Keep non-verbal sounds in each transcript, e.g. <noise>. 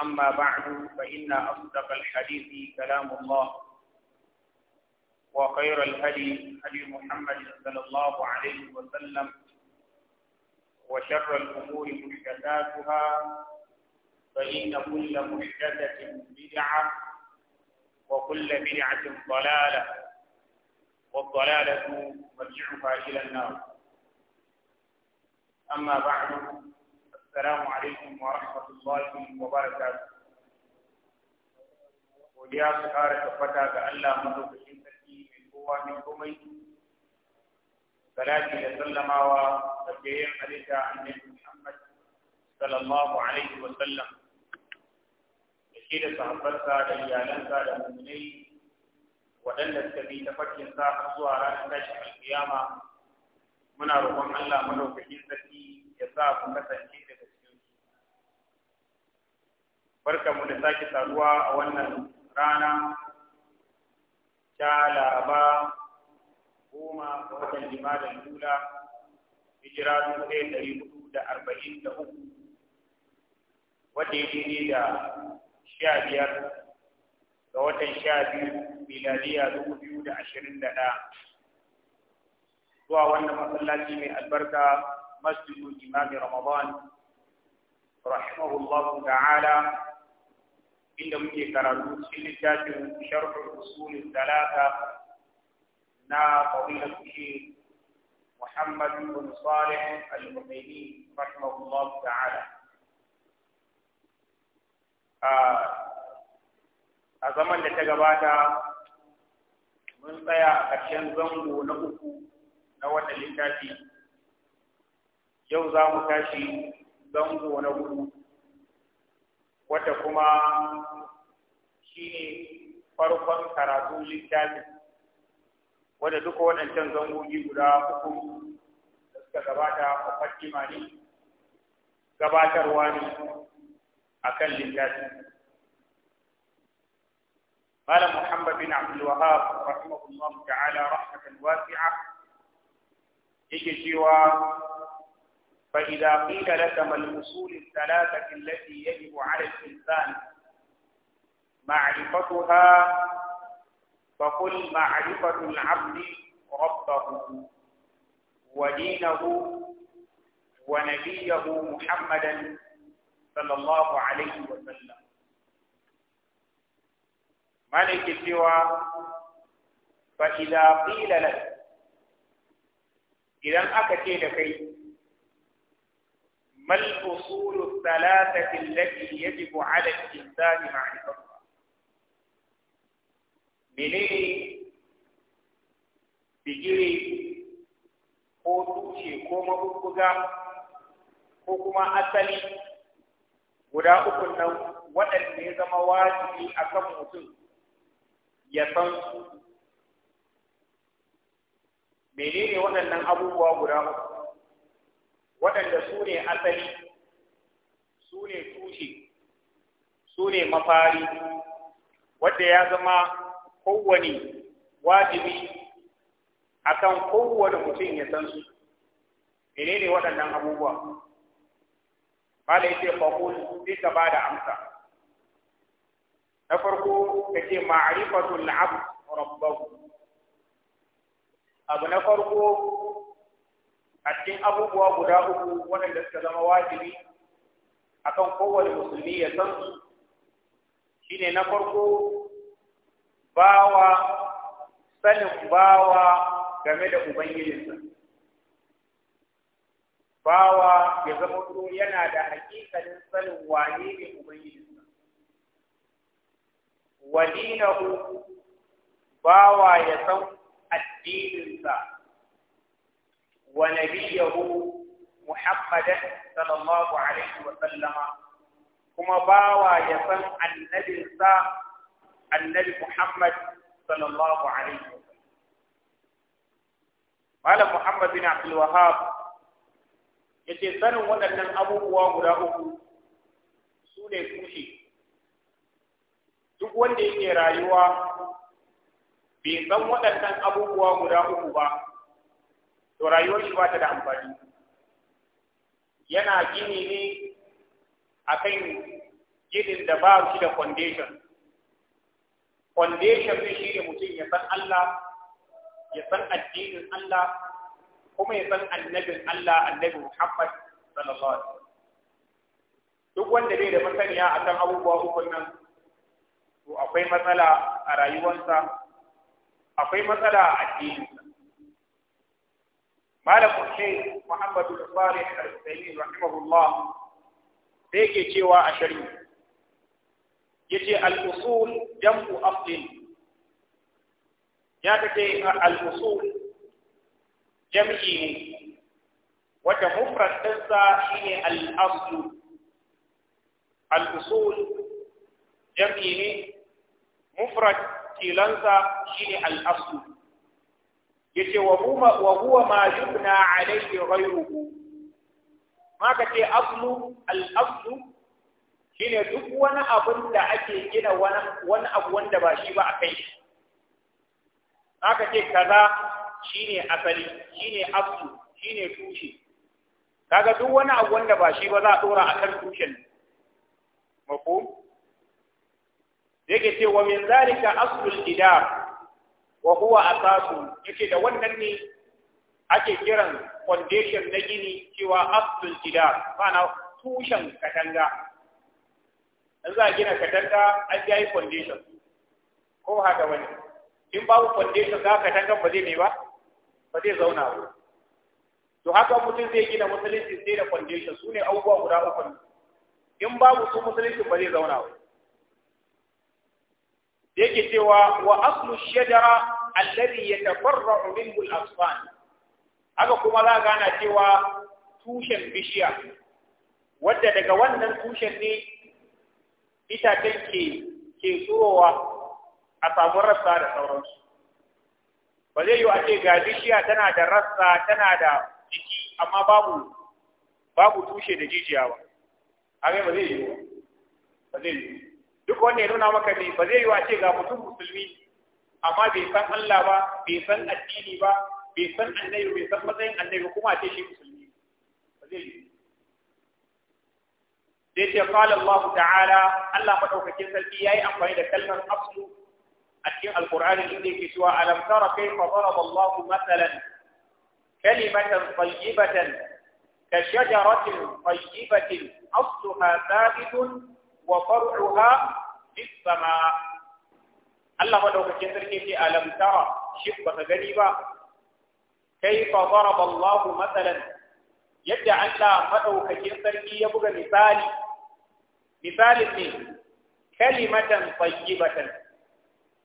أما بعد فإن أصدق الحديث كلام الله وخير الهدي هدي محمد صلى الله عليه وسلم وشر الأمور محدثاتها فإن كل محدثة بدعة وكل بدعة ضلالة والضلالة مرجعها إلى النار أما بعد السلام عليكم ورحمة الله وبركاته godiya su ƙara tabbata ga Allah madaukakin sarki mai kowa mai komai salati da sallamawa da jayen halitta annabi Muhammad sallallahu alaihi wa sallam da shi da iyalansa da mu'minai waɗanda suka bi tafarkin sa zuwa ranar tashin alkiyama muna roƙon Allah madaukakin sarki ya sa ku kasance da barkanmu da sake saduwa a wannan rana ta laraba goma ga watan limanin lula hijira dubu ɗaya ɗari hudu da arba'in da uku wata ya daidai da sha biyar ga watan sha biyu miladiya dubu biyu da ashirin da ɗaya zuwa wannan masallaci mai albarka masjidin imami ramadan rahimahullahu ta'ala inda muke karatu cikin littafin sharhul usul talata na fadila shi Muhammad bin Salih al-Humayni rahimahullah ta'ala a zaman da ta gabata mun tsaya a ƙarshen zango na uku na wannan littafi yau za mu tashi zango na hudu wata kuma shi ne farkon karatu littafin wadda duka waɗancan zangogi guda uku da suka gabata a fatima ne gabatarwa ne a kan littafin قال محمد بن عبد الوهاب رحمه الله تعالى رحمة واسعة يجي فإذا قيل لك ما الأصول الثلاثة التي يجب على الإنسان معرفتها فقل معرفة العبد ربه ودينه ونبيه محمدا صلى الله عليه وسلم ملك سوى فإذا قيل لك إذا أكتي كيف ما الأصول الثلاثة التي يجب على الإنسان معرفتها menene bigire ko tushe ko mabubbuga ko kuma asali guda uku nan waɗanda ya zama wajibi a kan mutum ya san su menene waɗannan abubuwa guda uku waɗanda su ne asali su ne tushe su ne mafari wadda ya zama kowane wajibi akan kowane mutum ya san su ne waɗannan abubuwa da yake faqul sai ka da amsa na farko ka ce ma'rifatul la'abu, rabbahu abu na farko a cikin abubuwa guda uku waɗanda suka zama wajibi a kan kowane musulmi ya san su shi ne na farko bawa sanin bawa game da ubangijinsa bawa ya zama to yana da hakikalin sanin wane ne ubangijinsa walinahu bawa ya san addininsa ونبيه محمدا صلى الله عليه وسلم كما باوى يسن النبي سا النبي محمد صلى الله عليه وسلم قال محمد بن عبد الوهاب yace sanin waɗannan abubuwa guda uku su ne kushe duk wanda yake rayuwa bai san waɗannan abubuwa guda uku ba to rayuwar shi ba ta da amfani yana gini ne a akan ginin da ba shi da foundation foundation ne shi ne mutum ya san Allah ya san addinin Allah kuma ya san annabin Allah annabi Muhammad sallallahu alaihi duk wanda bai da masaniya a kan abubuwa uku nan to akwai matsala a rayuwarsa akwai matsala a addini malamin shi muhammadu salih al-sayyid rahimahullah da yake cewa a shari'a yace al-usul jam'u aslin ya kace al-usul jam'i ne wata mufrad ɗinsa shine al-aslu al-usul jam'i ne mufrad tilansa shine al-aslu yace wa huwa wa huwa ma yubna alayhi ghayruhu ma kace aslu al aslu shine duk wani abun da ake gina wani wani abu wanda ba shi ba akai haka ce kaza shine asali shine aslu shine tushe kaga duk wani abu wanda ba shi ba za a dora akan tushen mako yake ce wa min zalika al idar wa huwa asasu yake da wannan ne ake kiran foundation na gini cewa aslul jidar ma'ana tushen katanga in za a gina katanga an yi foundation ko haka wani in babu foundation za katangan ba zai ne ba ba zai zauna ba to haka mutum zai gina musulunci sai da foundation su ne abubuwa guda uku in babu su musulunci ba zai zauna ba da yake cewa wa aslu shajara alladhi yatafarra'u minhu al-asfan haka kuma za gana cewa tushen bishiya wadda daga wannan tushen ne itacen ke ke tsurowa a samu rassa da sauransu ba zai yi a ce ga bishiya tana da rassa tana da jiki amma babu babu tushe da jijiya ba a ba zai yi ba zai yi duk wanda ya nuna maka ne ba zai yi wace ga mutum musulmi amma bai san Allah ba bai san addini ba bai san annabi bai san matsayin annabi kuma a ce shi musulmi ba zai yi sai ce qala Allah ta'ala Allah madaukakin sarki yayi amfani da kalmar aslu a cikin alqur'ani inda yake cewa alam tara kayfa daraba Allah masalan kalimatan tayyibatan كشجرة طيبة أصلها ثابت wa far'uha bis sama Allah madaukakin sarki ke alam tara shi baka gani ba kaifa daraba Allahu matsalan yadda Allah madaukakin sarki ya buga misali misali ne kalimatan tayyibatan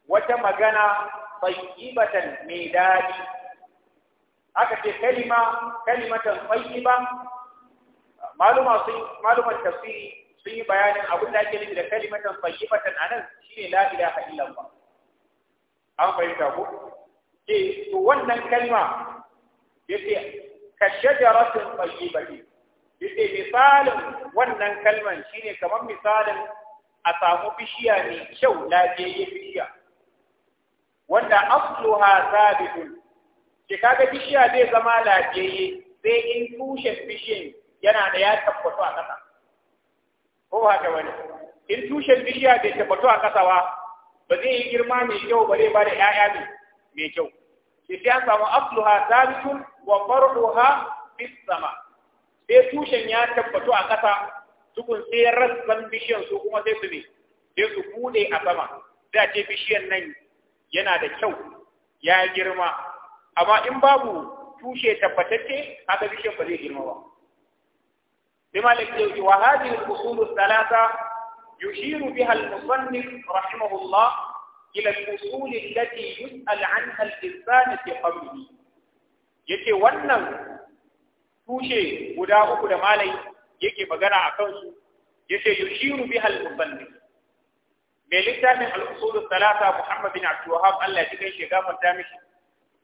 wata magana tayyibatan mai dadi aka kalima kalimatan tayyiba maluma sun maluman tafsiri sun yi bayanin abin da ake nufi da kalimatan tayyibatan anan shine la ilaha ba an fahimta ko ke eh, to wannan kalma ce ka shajaratin ya ce misalin wannan kalman shine kamar misalin a samu bishiya mai kyau lafiyayye bishiya wanda asluha sabitun ke kaga bishiya zai zama lafiyayye sai in tushen bishiyan yana da ya tabbatu a ƙasa ko ba ta wani, in tushen bishiya bai tabbatu a ƙasa ba ba zai yi girma mai kyau ba zai bada ƴaƴa ne mai kyau sai sai an samu asluha sabitun wa far'uha bis sama sai tushen ya tabbatu a ƙasa tukun sai rassan bishiyan su kuma sai su ne sai su bude a sama sai a ce bishiyan nan yana da kyau ya girma amma in babu tushe tabbatacce haka bishiyan ba zai girma ba بمالك وهذه الأصول الثلاثة يشير بها المصنف رحمه الله إلى الأصول التي يسأل عنها الإنسان في قبره يجي ونن توشي ودا أكل مالي يجي بغنى أكوش يجي يشير بها المصنف ملتا من الأصول الثلاثة محمد بن عبد الوهاب الله يجي شيء قام التامش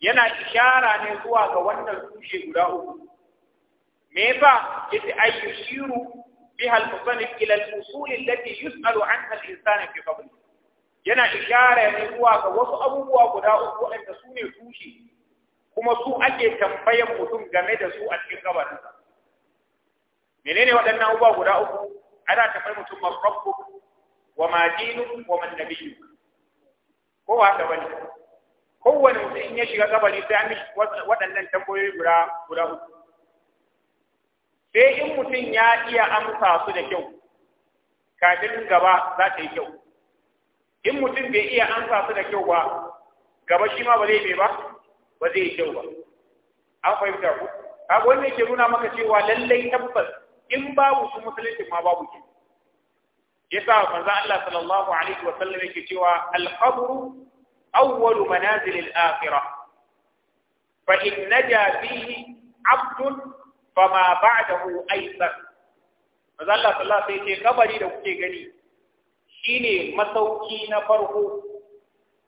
ينا إشارة نزوها ونن توشي ودا أكل me yasa yace ay yushiru biha al-musannif ila al-usul allati yus'alu anha al-insan fi yana ishara ne ga wasu abubuwa guda uku waɗanda su ne tushe kuma su ake tambayan mutum game da su a cikin kabarin menene waɗannan abubuwa guda uku ana tambayar mutum man rabbuk wa ma wa man nabiyyuk ko kowane mutum ya shiga kabari sai an waɗannan guda sai in mutum ya iya amsa su da kyau kafin gaba za ta yi kyau in mutum bai iya amsa su da kyau ba gaba shi ma ba zai mai ba ba zai yi kyau ba an fahimta ku kaga wannan ke nuna maka cewa lallai tabbas in babu su musulunci ma babu ke yasa manzo Allah sallallahu alaihi wa sallam yake cewa al-qabr awwal manazil al-akhirah fa in naja fihi 'abdun ma ba'dahu aidan manzo Allah sallallahu alaihi wasallam kabari da kuke gani shine masauki na farko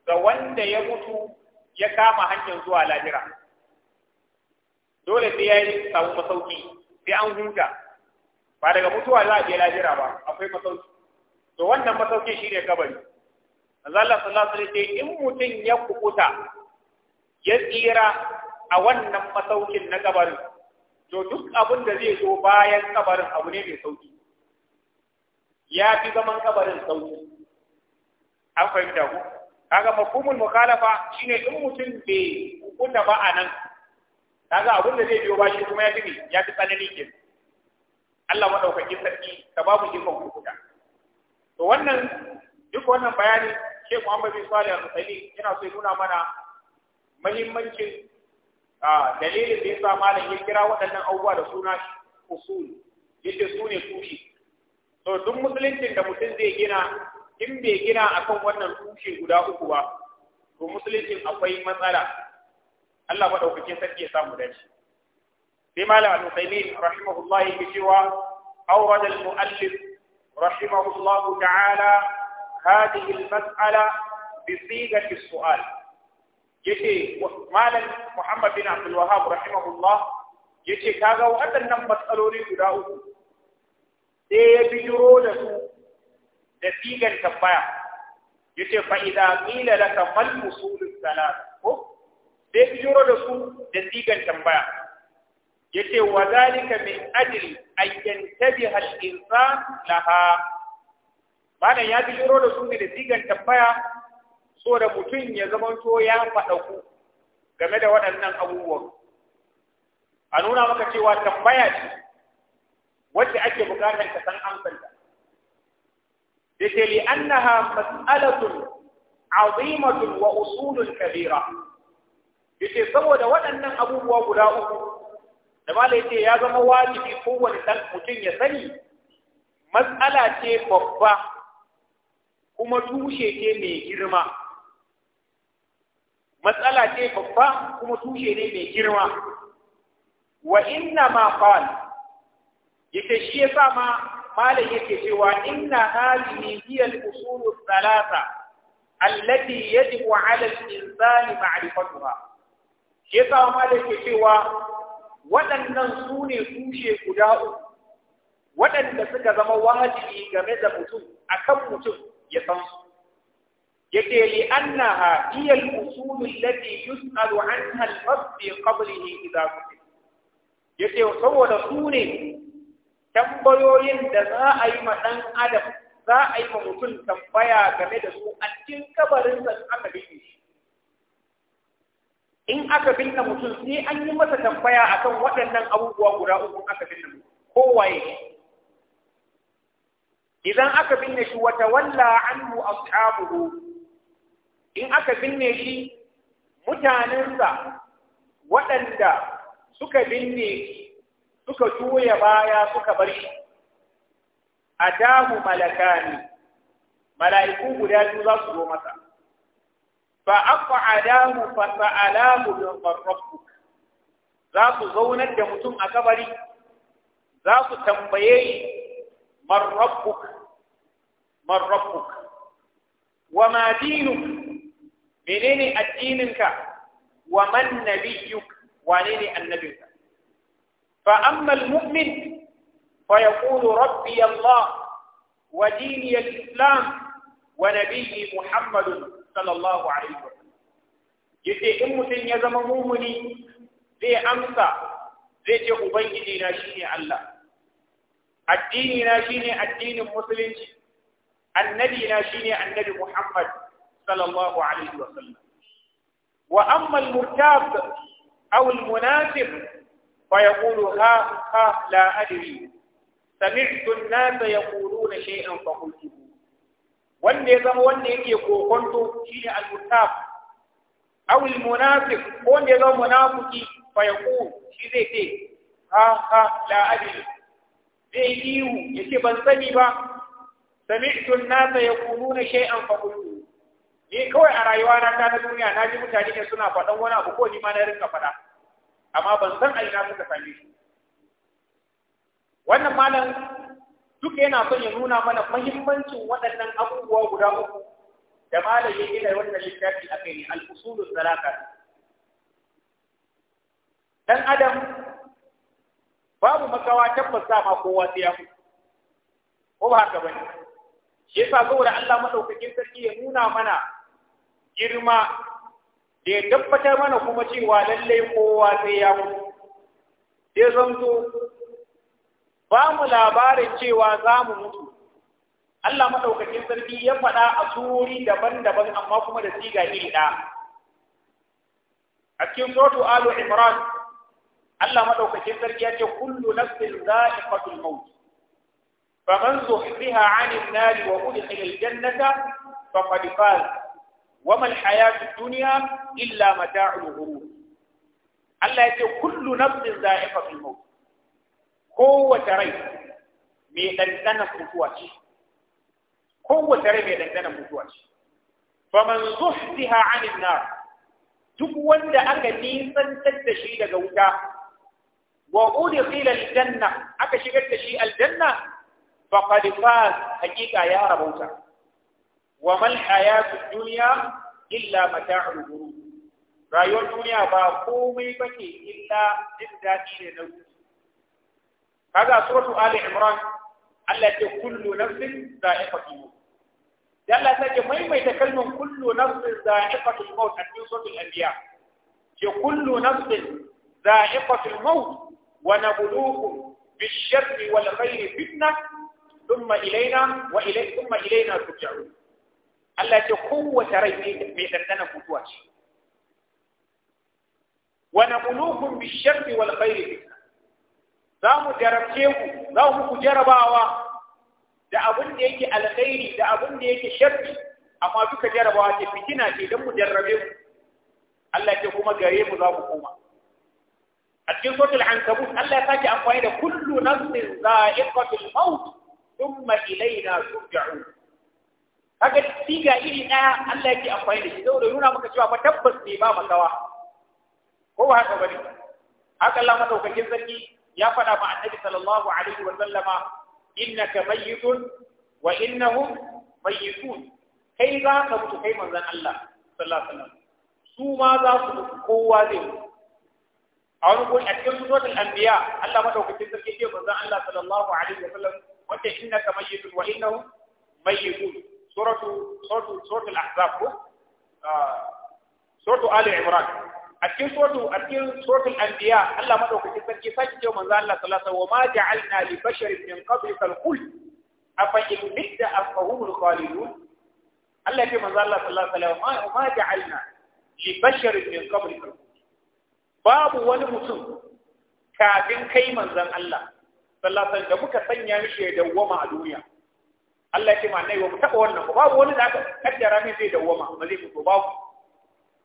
ga wanda ya mutu ya kama hanyar zuwa lahira dole sai ya yi samu masauki sai an huta ba daga mutuwa za a je lahira ba akwai masauki to wannan masauki shine kabari manzo Allah sallallahu alaihi wasallam in mutum ya kukuta ya tsira a wannan masaukin na kabarin to duk abin da zai zo bayan kabarin abu ne mai sauki ya fi zaman kabarin sauki an fahimta ku kaga mafhumul mukhalafa shine in mutum bai hukunta ba a nan kaga abin da zai biyo ba shi kuma ya fi ya fi tsanani ke Allah madaukakin sarki ka babu jin hukunta to wannan duk wannan bayani Sheikh Muhammad bin Salih al yana so ya nuna mana mahimmancin a dalilin da yasa malam ya kira waɗannan abubuwa da suna usul yace su ne tushe to duk musuluncin da mutum zai gina in bai gina akan wannan tushe guda uku ba to musulunci akwai matsala Allah madaukakin sarki ya samu dace sai malam al-Uthaymeen rahimahullah yake cewa أورد المؤلف رحمه الله تعالى هذه المسألة بصيغة السؤال yace malam Muhammad bin Abdul Wahhab rahimahullah yace kaga waɗannan matsaloli guda uku sai ya bijiro da su da sigan tambaya yace fa idza qila laka mal usulus salat ko sai bijiro da su da sigan tambaya yace wa zalika min ajli an yantabiha al-insan laha malam ya bijiro da su da sigan tambaya so da mutum ya zamanto ya faɗa ku game da waɗannan abubuwan a nuna maka cewa tambaya ce wacce ake buƙatar ka san amsarta da ke li annaha mas'alatun azimatun wa usulun kabira ke saboda waɗannan abubuwa guda uku da malai ya zama wajibi kowane ɗan mutum ya sani matsala ce babba kuma tushe ce mai girma matsala ce babba kuma tushe ne mai girma wa inna ma qal yace shi yasa ma malam yake cewa inna hadhihi hiya al-usul ath-thalatha allati yajibu 'ala al-insani ma'rifatuha shi yasa malam yake cewa waɗannan su ne tushe guda uku waɗanda suka zama wajibi game da mutum akan mutum ya san su yace li annaha hiya al-usul allati yus'alu anha al-fasl qablihi idha kutib yace saboda su ne tambayoyin da za a yi ma dan adam za a yi ma mutum tambaya game da su a cikin kabarin da aka binne in aka binne mutum sai an yi masa tambaya akan waɗannan abubuwa guda uku aka binne mutum kowaye idan aka binne shi wata walla anhu ashabuhu in aka binne shi mutanensa waɗanda suka binne suka juya baya suka bar shi a damu malakani mala'iku guda biyu za su zo masa fa aqwa adamu fa sa'alahu min rabbuk za su zaunar da mutum a kabari za su tambaye shi man rabbuk man rabbuk wa ma dinuk menene addininka wa man nabiyyuk wane ne annabinka fa amma almu'min fa yaqulu rabbi allah wa dini alislam wa nabiyyi muhammad sallallahu alaihi wa sallam yace in mutum ya zama mumuni zai amsa zai ce ubangiji na shine allah addini na shine addinin musulunci annabi na shine annabi muhammad صلى الله عليه وسلم وأما المرتاب أو المنافق فيقول ها ها لا أدري سمعت الناس يقولون شيئا فقلته wanda ya zama wanda yake kokonto shine al-mutaf aw al-munafiq ko wanda ya zama munafiki fa yaqul shi zai ce ha ha la adri zai iyu yace ban sani ba sami'tu an-nasa yaquluna shay'an fa qultu ni kawai a rayuwa na ta na duniya na ji mutane ne suna faɗan wani abu ko ni ma na rinka faɗa amma ban san a ina suka same shi wannan malam duk yana son ya nuna mana mahimmancin waɗannan abubuwa guda uku da malam ya gina wannan littafi a kai ne al salaka dan adam babu makawa tabbas ma kowa sai ya mutu ko ba haka bane shi yasa saboda Allah madaukakin sarki ya nuna mana girma da ya tabbatar mana kuma cewa lallai kowa sai ya mutu sai zanto ba mu labarin cewa za mu mutu Allah maɗaukakin sarki ya faɗa a surori daban-daban amma kuma da siga iri da a cikin sotu alu imran Allah maɗaukakin sarki ya ce kullu nafsin za'iqatul maut faman zuhziha 'anil nari wa udkhila al-jannata faqad faz وما الحياة الدنيا إلا متاع الغرور الله يقول كل نفس ذائقة الموت قوة ري ميدندنا فتواتي قوة ري ميدندنا فتواتي فمن زحزها عن النار duk wanda aka nisantar da shi daga wuta wa udkhila aljanna aka shigar da shi aljanna faqad faz hakika ya rabauta وما الحياة الدنيا إلا متاع الغرور رأي الدنيا باقومي بكي إلا جدا إلى هذا سورة آل عمران التي كل نفس ذائقة الموت لأن ذلك ما يتكلم كل نفس ذائقة الموت أتنى سورة الأنبياء كل نفس ذائقة الموت ونبلوكم بالشر والخير فتنة ثم إلينا وإليكم ثم إلينا ترجعون Allah ce kowace rai mai dandana mutuwa ce wa nabluukum bish wal khairi za mu jarabce ku za mu ku jarabawa da abin da yake alkhairi da abin da yake sharri amma duka jarabawa ce fitina ce don mu jarrabe ku Allah ce kuma gare mu za mu koma a cikin suratul ankabut Allah ya sake amfani da kullu nafsin za'iqatul maut thumma ilayna turja'un kaga siga iri ɗaya Allah yake amfani da shi saboda nuna maka cewa ba tabbas ne ba makawa ko ba haka bane haka Allah madaukakin sarki ya faɗa ma annabi sallallahu alaihi wa sallama innaka mayyitun wa innahum mayyitun kai za ka mutu kai manzon Allah sallallahu alaihi wasallam su ma za su mutu kowa zai mutu a wani gurin a cikin suratul anbiya Allah madaukakin sarki ya ce manzon Allah sallallahu alaihi wa sallam wanda innaka mayyitun wa innahum mayyitun suratu suratu suratu ah, a cikin suratu a cikin suratu al-anbiya Allah madaukakin sarki sake cewa Allah sallallahu alaihi wa ma ja'alna li basharin min qablika al-khuld afa in bidda afahumul khalidun Allah ya manzo Allah sallallahu alaihi wasallam ma ja'alna li basharin min qablika babu wani mutum kafin kai manzon Allah sallallahu alaihi da muka sanya mishi ya dawwama a duniya Allah ya ce ma wa ku taɓa wannan ku babu wani da aka kaddara min zai dawwama ba zai fito babu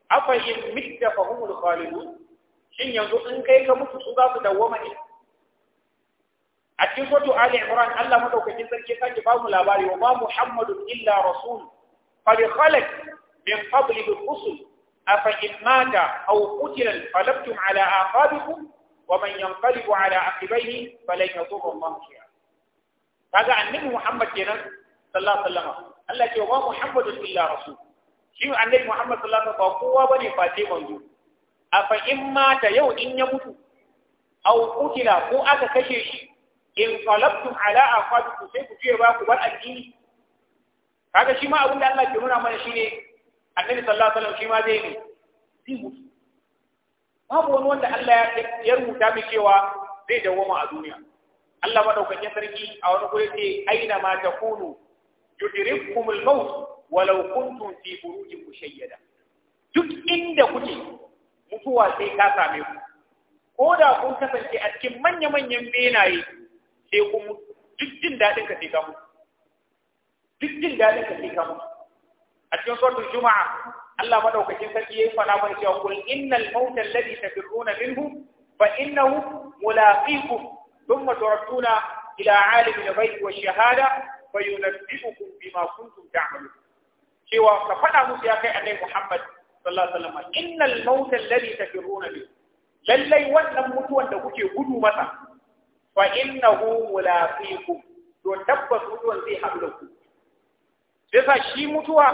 afa in mitta fa humul khalidun shin yanzu in kai ka mutu su za su dawwama ne a cikin suratu ali imran Allah madaukakin sarki ya ba mu labari wa ma muhammadun illa rasul qad khalat min qablihi rusul afa in mata aw qutila falabtum ala aqabikum wa man yanqalibu ala aqibaihi falan yadurra Allah shay'a kaga annabi Muhammad kenan sallallahu alaihi wasallam Allah ce wa Muhammadu illa rasul shi annabi Muhammad sallallahu alaihi wasallam ba kowa bane face manzo afa in mata yau in ya mutu aw qutila ko aka kashe shi in qalabtum ala aqabikum sai ku je ba ku bar addini kaga shi ma abin da Allah ke nuna mana shine annabi sallallahu alaihi wasallam shi ma zai ne zai mutu babu wani wanda Allah ya rubuta mai cewa zai dawoma a duniya Allah madaukakin sarki a wani gure ce aina ma takunu yudrikum al-maut walau kuntum fi burujin mushayyada duk inda kuke mutuwa sai ka same ku ko da kun kasance a cikin manya-manyan benaye sai ku duk jin daɗin ka sai ka mutu duk jin daɗin ka sai ka mutu a cikin suratul juma'a Allah madaukakin sarki yayin fada mana cewa kul innal mauta alladhi tafirruna minhu fa innahu mulaqikum ثم تردون إلى عالم الغيب والشهادة فينبئكم بما كنتم تعملون cewa ka faɗa musu ya kai annabi Muhammad sallallahu alaihi wasallam innal mauta alladhi tafiruna bi lallai wannan mutuwan da kuke gudu masa fa innahu mulaqikum to tabbas mutuwan zai haɗu da ku sai sa shi mutuwa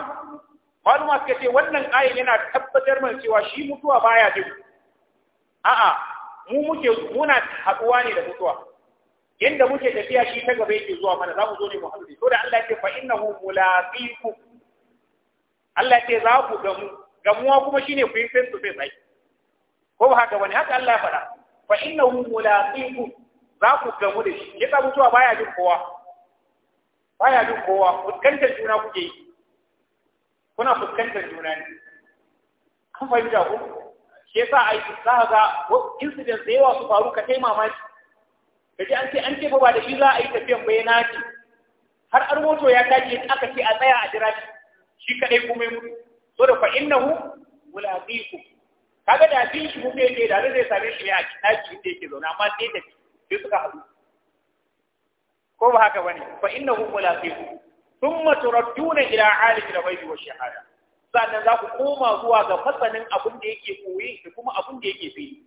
maluma suka ce wannan ayin yana tabbatar mana cewa shi mutuwa baya a'a mu muke muna haɗuwa ne da mutuwa yanda muke tafiya shi ta gaba yake zuwa mana za mu zo ne mu haɗu to da Allah ya ce fa innahu mulaqiku Allah ya ce za ku gamu gamuwa kuma shine ku yi face to face ai ko haka bane haka Allah ya faɗa fa innahu mulaqiku za ku gamu da shi ya tsabu zuwa baya jin kowa baya jin kowa fuskantar juna kuke yi kuna fuskantar juna ne an fahimta ku shi yasa yi za ga incident da yawa su faru ka kai mamaki ji an ce an ce ba da shi za a yi tafiyan bai na ce har an moto ya yadda aka ce a tsaya a jira shi shi kaɗai kuma ya mutu so da fa innahu mulaqiku kaga da fi shi kuke ne da zai same shi ne a kitaki inda yake zaune amma sai tafi sai suka haɗu ko ba haka bane fa innahu mulaqiku thumma turadduna ila da bai ghaibi wa shahara. sannan za ku koma zuwa ga fasalin abin da yake koyi da kuma abin da yake fi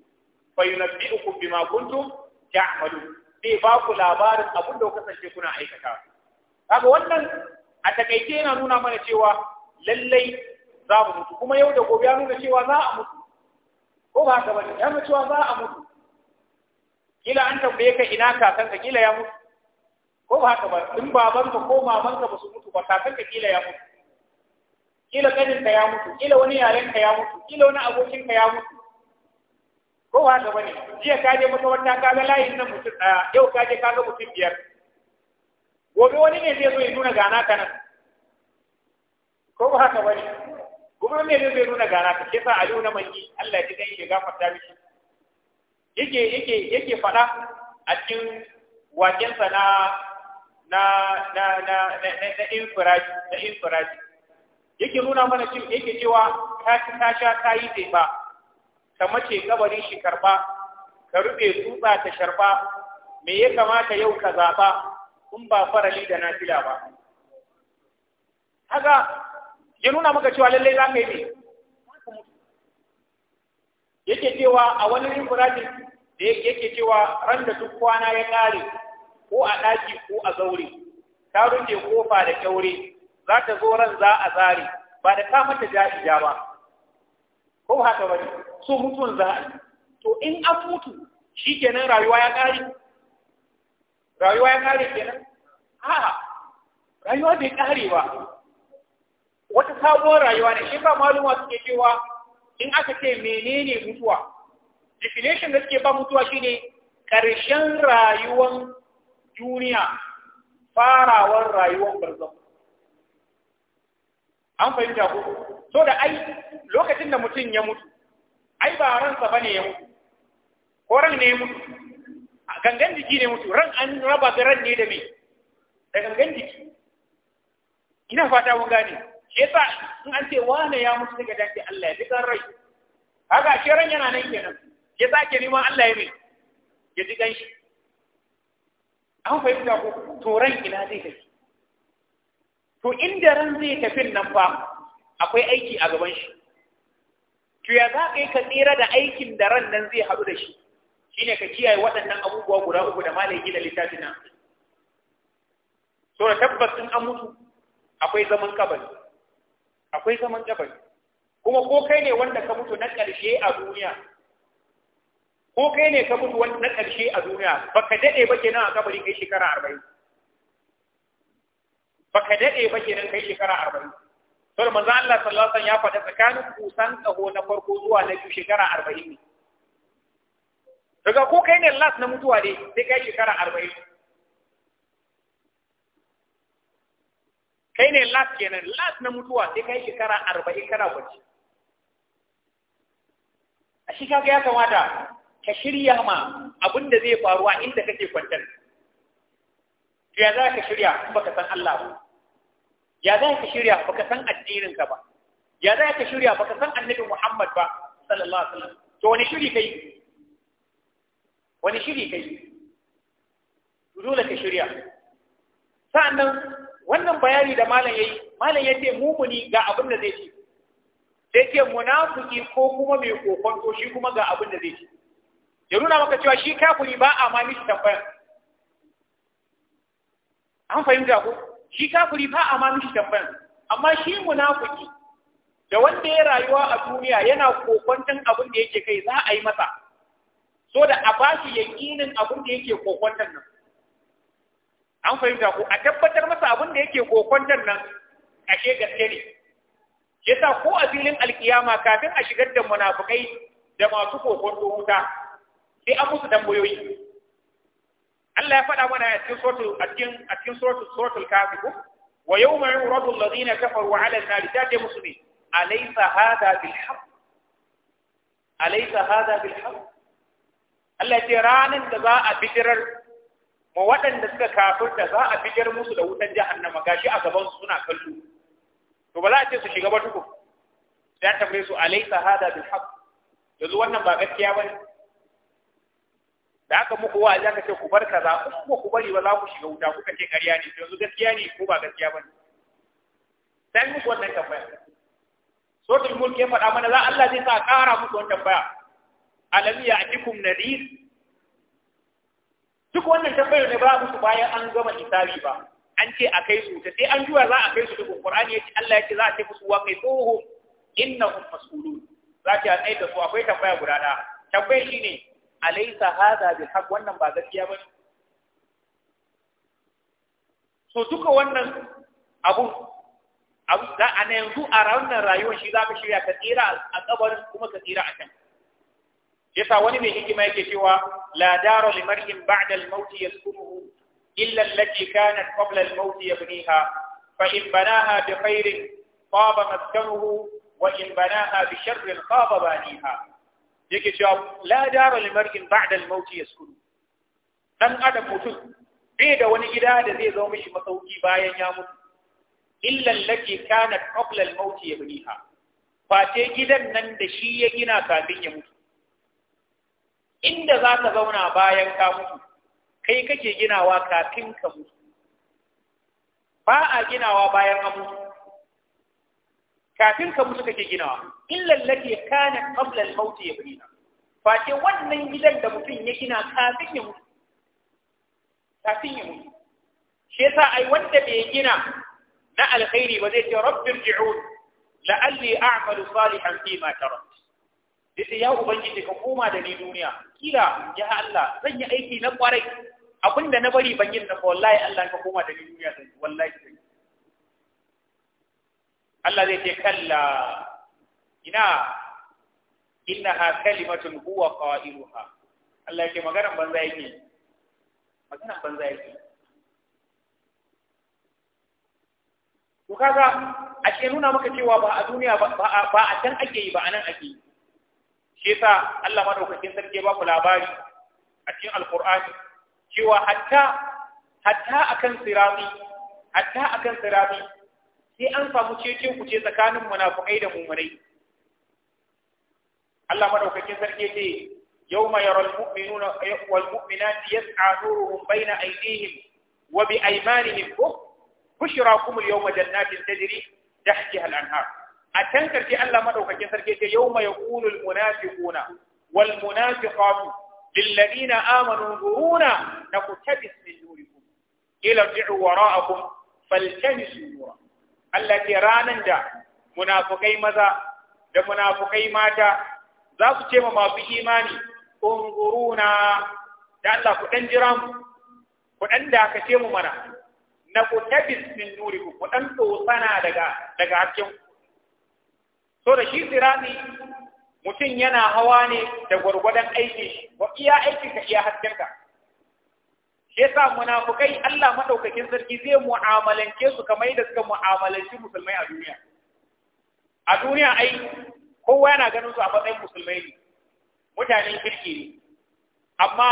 fa yunabbi'ukum bima kuntum ta'malun sai ba ku labarin abin da kuka kasance kuna aikata kaga wannan a takaice yana nuna mana cewa lallai za mu mutu kuma yau da gobe ya nuna cewa za a mutu ko ba haka bane ya nuna cewa za a mutu kila an tambaye ka ina kakanka kila ya mutu ko ba haka ba in babanka ko mamanka ba su mutu ba kakanka kila ya mutu kila kanin ka ya mutu kila wani yaren ka ya mutu kila wani abokin ka ya mutu ko ba ga bane jiya ka je wata ka ga layin nan mutum daya yau ka je ka ga mutum biyar gobe wani ne zai zo ya nuna gana ka nan ko ba haka bane gobe wani ne zai nuna gana ka kisa aliyu na manki, Allah ya ji dai ya gafarta mishi yake yake yake fada a cikin wakensa na na na na na infiraji na infiraji yake nuna mana cin yake cewa ta ci ta sha ta yi ba, ta mace kabari shi karba ka rufe tsutsa ta sharba me ya kamata yau ka zaɓa in ba farali da nafila ba haka ya nuna maka cewa lallai za ka yi yake cewa a wani rimfuratin da yake cewa ran da duk kwana ya kare ko a ɗaki ko a zaure ta rufe kofa da kyaure za ta zo ran za a zare ba da ta ja ija ba ko haka bane so mutuwan za a to in an mutu shi kenan rayuwa ya ƙare rayuwa ya kare kenan a'a rayuwa bai ƙare ba wata sabuwar rayuwa ne shi ba maluma suke cewa in aka ce menene mutuwa definition da suke ba mutuwa shine karshen rayuwan duniya farawar rayuwar barzan an fahimta ko so da ai lokacin da mutum ya mutu ai ba ransa bane ya mutu ko ran ne ya mutu gangan jiki ne mutu ran an raba da ran ne da me da gangan jiki ina fata mun gane shi yasa in an ce wane ya mutu daga dace Allah ya ji kan rai haka shi ran yana nan kenan shi yasa ke neman Allah ya mai ya ji kan shi an fahimta ko to ran ina zai kai to inda ran zai tafi nan fa akwai aiki a gaban shi to ya za ka yi ka tsira da aikin da ran nan zai haɗu da shi shine ka kiyaye waɗannan abubuwa guda uku da malai gida littafin nan so da tabbas in an mutu akwai zaman kabari akwai zaman kabari kuma ko kai ne wanda ka mutu na ƙarshe a duniya ko kai ne ka mutu na ƙarshe a duniya baka daɗe ba kenan a kabari kai shekara arba'in baka dade ba kenan kai shekara arba'in saboda manzo Allah sallallahu alaihi wasallam ya faɗa tsakanin kusan kaho na farko zuwa na biyu shekara arba'in ne daga ko kai ne last na mutuwa ne sai kai shekara arba'in kai ne last kenan last na mutuwa sai kai shekara arba'in kana gwaji a shi kaga ya kamata ka shirya ma abinda zai faruwa inda kake kwantar ya za ka shirya baka san Allah ba ya za ka shirya baka san addinin ka ba ya za ka shirya baka san annabi Muhammad ba sallallahu alaihi wasallam to wani shiri kai wani shiri kai dole ka shirya sa'annan wannan bayani da malam yayi malam ce mumuni ga abin da zai ci sai ce munafiki ko kuma mai to shi kuma ga abin da zai ci ya nuna maka cewa shi kafiri ba a ma mishi tambaya an fahimta ku shi kafiri fa a mishi tambayan amma shi munafiki da wanda ya rayuwa a duniya yana kokonton abin da yake kai za a yi masa so da a bashi yakinin abin da yake kokonton nan an fahimta ku a tabbatar masa abin da yake kokonton nan ashe gaske ne yasa ko a filin alkiyama kafin a shigar da munafikai da masu kokonto wuta sai an musu tambayoyi Allah ya faɗa mana a cikin suratul a cikin a cikin suratul suratul kafir wa yawma yuradu alladhina kafaru ala an-nar ta ce musu ne alaysa hadha bil haqq alaysa hadha bil haqq Allah ce ranan da za a bidirar ma waɗanda suka kafirta za a bidir musu da wutan jahannama gashi a gaban su suna kallo to ba za a ce su shiga ba tukun sai ta tambaye su alaysa hadha bil haqq yanzu wannan ba gaskiya bane da aka muku wa'azi aka ce ku bar kaza in ku ku bari ba za ku shiga wuta kuka ce ƙarya ne yanzu gaskiya ne ko ba gaskiya ba ne sai muku wannan tambaya suratul mulk ya faɗa mana za Allah zai sa ƙara muku wannan tambaya alam atikum nadir duk wannan tambayar ne ba musu bayan an gama hisabi ba an ce a kai su ta sai an juya za a kai su duk Qur'ani ya ce Allah ya ce za a ce musu wa kai tsohum innahum mas'ulun za ta aika su akwai tambaya guda da tambayar shine alaysa hadha bil haqq wannan ba gaskiya bane so duka wannan abu abu da ana yanzu a ranar rayuwar shi za ka shirya ka tsira a kabarin kuma ka tsira a can yasa wani mai hikima yake cewa la Daru li mar'in ba'da al-maut yaskunuhu illa allati kanat qabla al-maut yabniha fa in banaha bi khairin taba maskanuhu wa in banaha bi sharrin taba baniha yake cewa la daru li mar'in ba'da al yaskunu dan adam mutum bai da wani gida da zai zo mishi masauki bayan ya mutu illa allati kanat qabla al-maut yabniha Fate gidan nan da shi ya gina kafin ya mutu inda za ka zauna bayan ka mutu kai kake ginawa kafin ka mutu ba a ginawa bayan ka mutu kafin ka mutu kake ginawa illal lati kana qabla al maut yabina fa ce wannan gidan da mutum ya gina kafin ya mutu kafin ya mutu shi yasa ai wanda bai gina na alkhairi ba zai ce rabbir ji'un la'alli a'malu salihan fi ma tarat sai ya ubangiji ka koma da ni duniya kila ya Allah zan yi aiki na kwarai abinda na bari ban yin da wallahi Allah ka koma da ni duniya sai wallahi sai Allah zai ce kalla ina innaha kalimatun huwa qailuha Allah yake magana banza yake magana banza yake Ku kaga a ke nuna maka cewa ba a duniya ba a can ake yi ba a nan ake yi shi yasa Allah madaukakin sarki ba ku labari a cikin alqur'ani cewa hatta hatta akan sirami hatta akan sirami sai an samu cikin kuce tsakanin munafukai da mumurai Allah madaukakin sarki ce yawma yaral mu'minuna wal mu'minati yas'a nuruhum bayna aydihim wa bi aymanihim bushrakum al yawma jannatin tajri tahtiha al anhar a can karshe Allah madaukakin sarki ce yawma yaqulu al munafiquna wal munafiqatu lil ladina amanu nuruna naqtabis min nurikum ila ji'u wara'akum فالتمسوا نورا Allah ranan da munafukai maza da munafukai mata za su ce ma masu imani unzuruna da Allah ku dan jira mu ku dan dakace mu mana na ku tabis min nuri ku dan tsosana daga daga hasken so da shi sirati mutum yana hawa ne da gwargwadon aiki iya aiki ka iya hakkin ka ya sa munafukai Allah madaukakin sarki zai mu'amalance su kamar da suka mu'amalanci musulmai a duniya a duniya ai kowa yana ganin su a matsayin musulmai ne mutanen kirki ne amma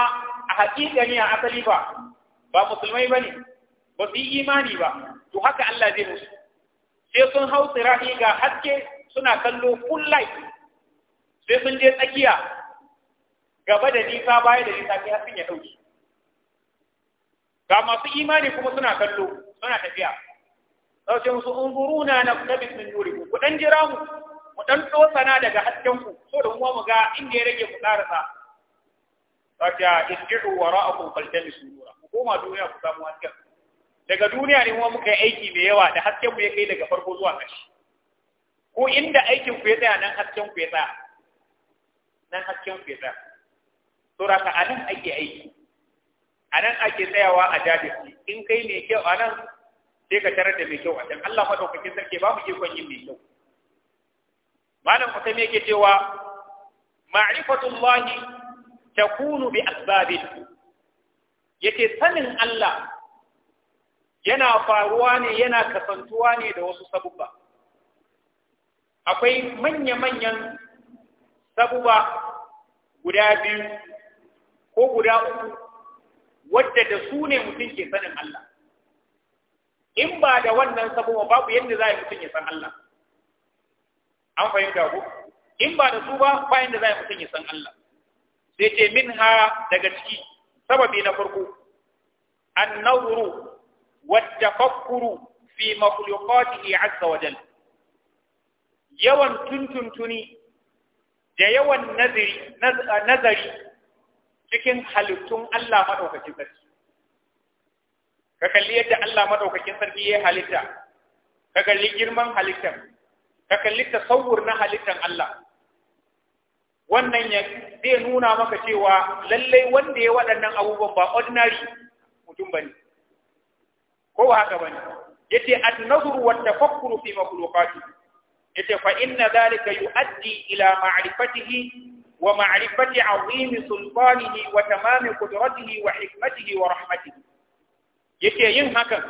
a hakika ne a asali ba ba musulmai bane ba su yi imani ba to haka Allah zai musu sai sun hau tsirahi ga haske suna kallo full light sai sun je tsakiya gaba da nisa baya da nisa sai hasken ya ɗauki. ga masu imani kuma suna kallo suna tafiya sau musu unguruna na nabis min nurikum ku dan jira mu mu dan tsotsana daga hasken ku so da kuma mu ga inda ya rage ku karasa sau ce irji'u wara'akum faltamisu nura ku koma duniya ku samu hasken daga duniya ne kuma muka yi aiki mai yawa da hasken mu ya kai daga farko zuwa ƙarshe ko inda aikin ku ya tsaya nan hasken ku ya tsaya nan hasken ku ya tsaya sura ka anan ake aiki a nan ake tsayawa a jajirci in kai mai kyau a nan sai ka tarar da mai kyau a can Allah maɗaukakin sarki ba mu ikon yin mai kyau malam ku me yake cewa ta takunu bi asbabin yake sanin Allah yana faruwa ne yana kasantuwa ne da wasu sabubba akwai manya-manyan sabubba guda biyu ko guda uku wadda da su ne mutum ke sanin Allah in ba da wannan sabuwa babu yadda za a yi mutum ya san Allah an fahimta ku in ba da su ba bayan da za a yi mutum ya san Allah sai ce min ha daga ciki sababi na farko an nauru wadda fakkuru fi makulukatihi azza wajal yawan tuntuntuni da yawan nazari cikin halittun Allah maɗaukakin sarki. Ka kalli yadda Allah maɗaukakin sarki ya halitta, ka kalli girman halittan, ka kalli tasawur na halittan Allah. Wannan ya zai nuna maka cewa lallai wanda ya waɗannan abubuwan ba ordinary mutum ba ne, ko haka ba ne. Ya ce, An-nazuru wa tafakkuru fi makulokati, ya ce, fa inna zalika yu'addi ila ma'rifatihi ومعرفة عظيم سلطانه وتمام قدرته وحكمته ورحمته yake yin hakan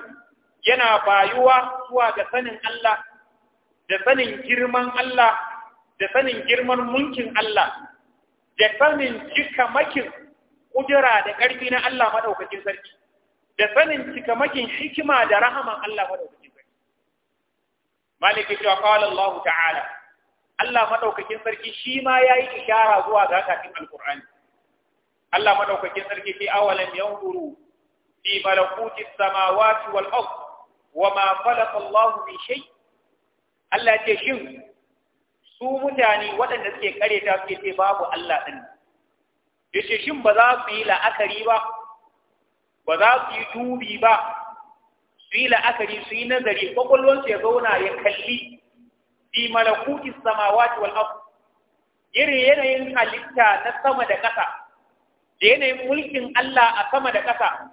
yana bayuwa zuwa ga sanin Allah da sanin girman Allah da sanin girman mulkin Allah da sanin cikamakin kudura da ƙarfi na Allah madaukakin sarki da sanin cikamakin hikima da rahaman Allah madaukakin sarki Allah ta'ala Allah maɗaukakin sarki shi ma yayi ishara zuwa ga kafin alqur'ani Allah maɗaukakin sarki fi awalan yanzuru fi malakuti samawati wal ard wama khalaqa Allah min shay Allah ce shin su mutane waɗanda suke kareta suke ce babu Allah din yace shin ba za su yi la'akari ba ba za su yi dubi ba su yi la'akari su yi nazari kwakwalwansu ya zauna ya kalli fi malakuti samawati wal ardh irin yanayin halitta na sama da ƙasa da yanayin mulkin Allah a sama da ƙasa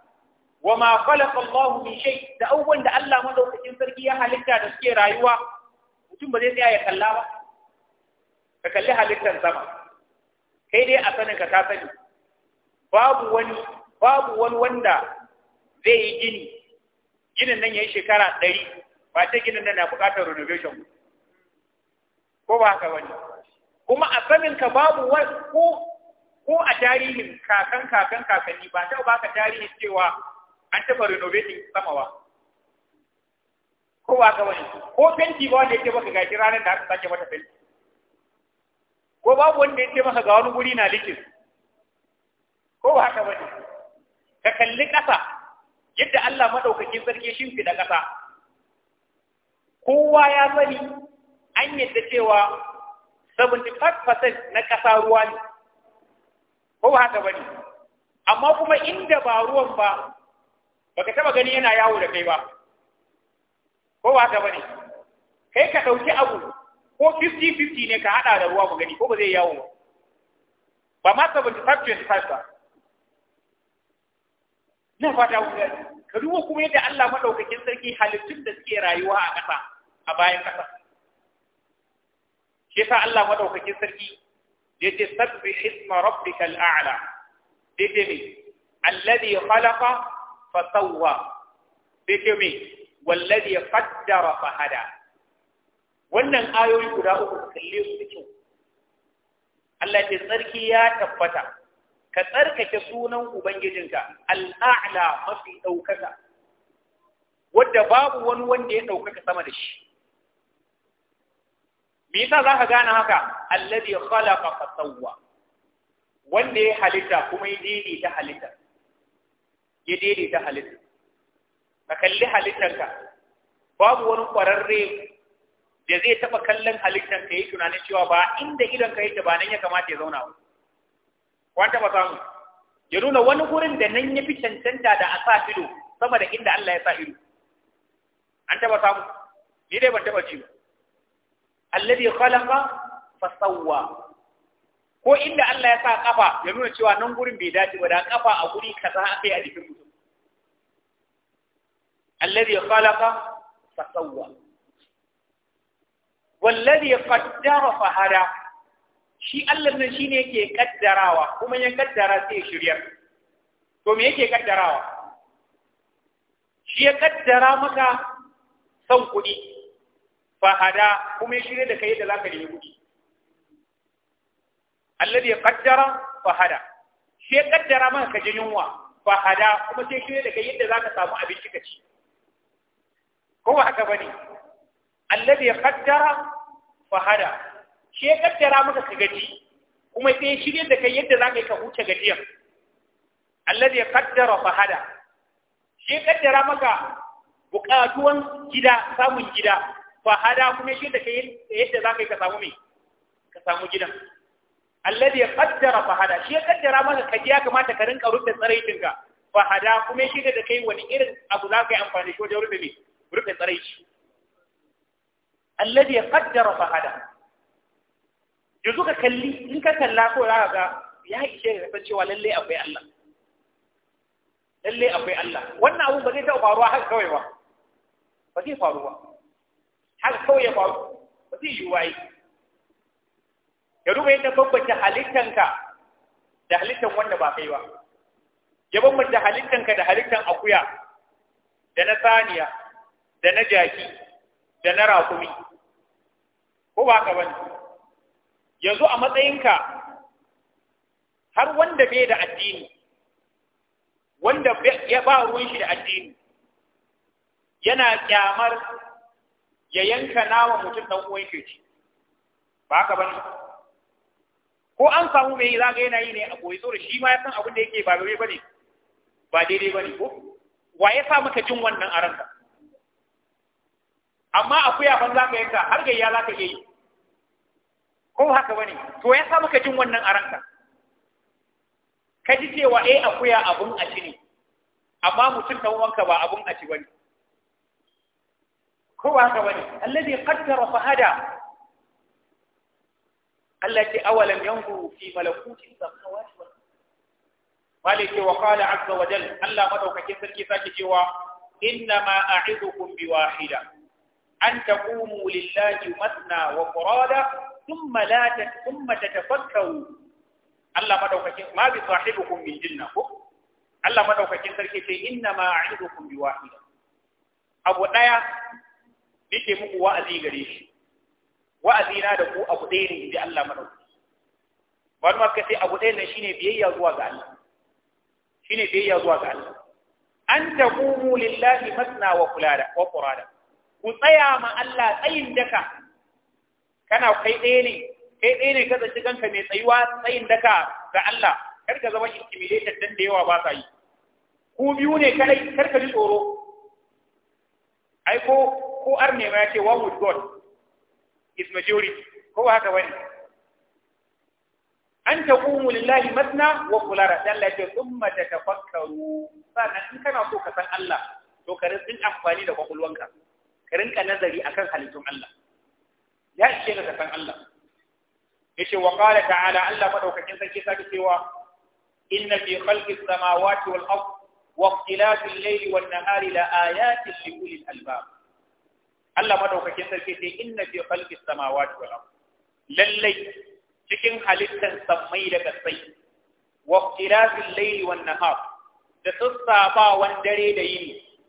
wa ma khalaqa Allah min shay da awwal da Allah madaukakin sarki ya halitta da suke rayuwa mutum ba zai tsaya ya kalla ba ka kalli halittar sama kai dai a sanin ka ta sani babu wani babu wani wanda zai yi gini ginin nan yayi shekara 100 ba ta ginin nan na buƙatar renovation ko ba haka bane kuma a sanin ka babu ko ko a tarihin kakan kakan kakanni ba ta baka tarihin cewa an taɓa renovating samawa ko ba ka wani ko fenti ba wanda yake baka gashi ranar da aka sake mata fenti ko babu wanda yake maka ga wani guri na likis ko ba haka bane ka kalli ƙasa yadda Allah madaukakin sarki da ƙasa kowa ya sani an yadda cewa 75% na ƙasa ruwa ne ko ba haka bane amma kuma inda ba ruwan ba ba ka taba gani yana yawo da kai ba ko ba haka bane kai ka ɗauki abu ko 50-50 ne ka haɗa da ruwa mu gani ko ba zai yawo ba ba ma 75-25 ba. Na fata wuya, ka duba kuma yadda Allah maɗaukakin sarki halittun da suke rayuwa a ƙasa, a bayan ƙasa. shi yasa Allah madaukakin sarki da yake sabbi isma rabbikal a'la da yake me alladhi khalaqa fa sawwa da yake me walladhi qaddara fa hada wannan ayoyi guda uku kalle su kyau Allah ya ce sarki ya tabbata ka tsarkake sunan ubangijinka al'a'la mafi ɗaukaka wadda babu wani wanda ya ɗaukaka sama da shi me yasa zaka gane haka alladhi khalaqa fa sawwa wanda ya halitta kuma ya daidaita halitta ya daidaita halitta ka kalli halittanka, babu wani kwararre da zai taɓa kallon halittar ka yi tunanin cewa ba inda idan ka yake ba nan ya kamata ya zauna ba taɓa samu ya nuna wani gurin da nan ya fi cancanta da a sa ido sama da inda Allah ya sa ido an taɓa samu ni dai ban taɓa ji ba alladhi khalaqa fasawwa ko inda Allah ya sa kafa ya nuna cewa nan gurin bai dace ba da kafa a guri kaza yi a jikin mutum alladhi khalaqa fasawwa walladhi qaddara fahada shi Allah nan shine yake kaddarawa kuma ya kaddara sai shirya to me yake kaddarawa shi ya kaddara maka son kuɗi fahada kuma ya shirya da kai da zaka nemi kuɗi alladhi qaddara fahada shi qaddara man ka jin yunwa fahada kuma sai shirya da kai yadda zaka samu abinci kika ci ko ba haka bane alladhi qaddara fahada shi qaddara maka ka gaji kuma sai ya shirya da kai yadda zaka yi ka huce gajiyar alladhi qaddara fahada shi ya maka bukatuwan gida samun gida fa hada kuma shi da kai yadda za ka yi ka samu me ka samu gidan alladhi qaddara fa hada shi ya kaddara maka ka ya kamata ka rinka rubuta tsaraitinka fa hada kuma shi da kai wani irin abu za ka yi amfani shi wajen rubuta me rubuta tsaraici alladhi qaddara fa hada yanzu ka kalli in ka kalla ko za ga ya ishe ka san cewa lalle akwai Allah lalle akwai Allah wannan abu ba zai taɓa faruwa haka kawai ba ba zai faruwa Har kawai ya faru ba zai yi waye ya duba yadda bambance halittanka da halittan wanda ba kai ba ya bambance halittanka da halittan akuya da na saniya da na jaki da na rakumi ko ba ka bane yanzu a matsayinka har wanda bai da addini wanda ya ba ruwan shi da addini yana kyamar ya yanka nawa mutum dan uwan shi ci ba haka ba. ko an samu mai za ga yana yi ne a koyi tsoro shi ma ya san abin da yake ba daidai bane ba daidai bane ko wa ya sa maka jin wannan a ranka amma akuya ban za ka yanka har gayya za ka iya yi ko haka bane to ya sa maka jin wannan a ranka ka ji cewa eh akuya abun a ci ne amma mutum dan wanka ba abun a ci ne. ko ba haka bane alladhi qaddara fa hada allati awalam yanzuru fi malakuti samawati wal wale ce wa qala azza wa jalla Allah madaukakin sarki sake cewa inna ma a'idukum bi wahida an masna wa Allah madaukakin ma bi sahibukum bil jinna ko Allah madaukakin sarki ce inna ma a'idukum bi wahida abu daya nake muku wa'azi gare shi wa'azi na da ku abu ɗaya ne inji Allah madauki wani ma sai abu ɗaya ne shine biyayya zuwa ga Allah shine biyayya zuwa ga Allah an taqumu lillahi masna wa kulada wa qurada ku tsaya ma Allah tsayin daka kana kai ɗaya ne kai ɗaya ne ka zaci kanka mai tsayuwa tsayin daka ga Allah kar ka zama intimidated dan da yawa ba sa yi ku biyu ne kadai kar ka ji tsoro ai ko ko arne ma ya ce one with God is majority ko haka wani an taqumu lillahi masna wa qulara dan la ce thumma tatafakkaru sannan in kana so ka san Allah to ka rinka amfani da kwakwalwanka ka rinka nazari akan halittun Allah ya ishe ka san Allah yace wa qala ta'ala Allah madaukakin sarki sake cewa inna fi khalqis samawati wal ard wa ikhtilafil layli wan nahari la ayatin li ulil albab Allah madaukakin sarki ce inna fi khalqis samawati wal ardh lallai cikin halittar sammai da kasai wa ikhtilafil layli wan nahar da wan dare da yini